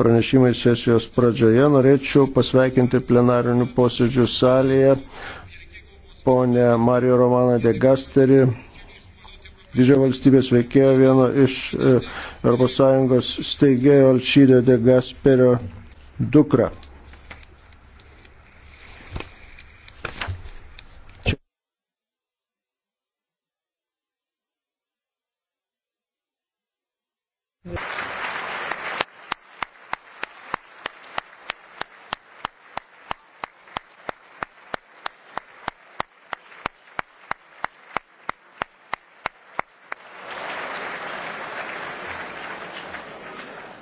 pranešimai sesijos pradžioje. Norėčiau pasveikinti plenarinių posėdžių salėje ponę Mariją Romaną de Gasterį, didžiojo valstybės veikėjo vieno iš ES steigėjo Alčydė de Gasperio dukra.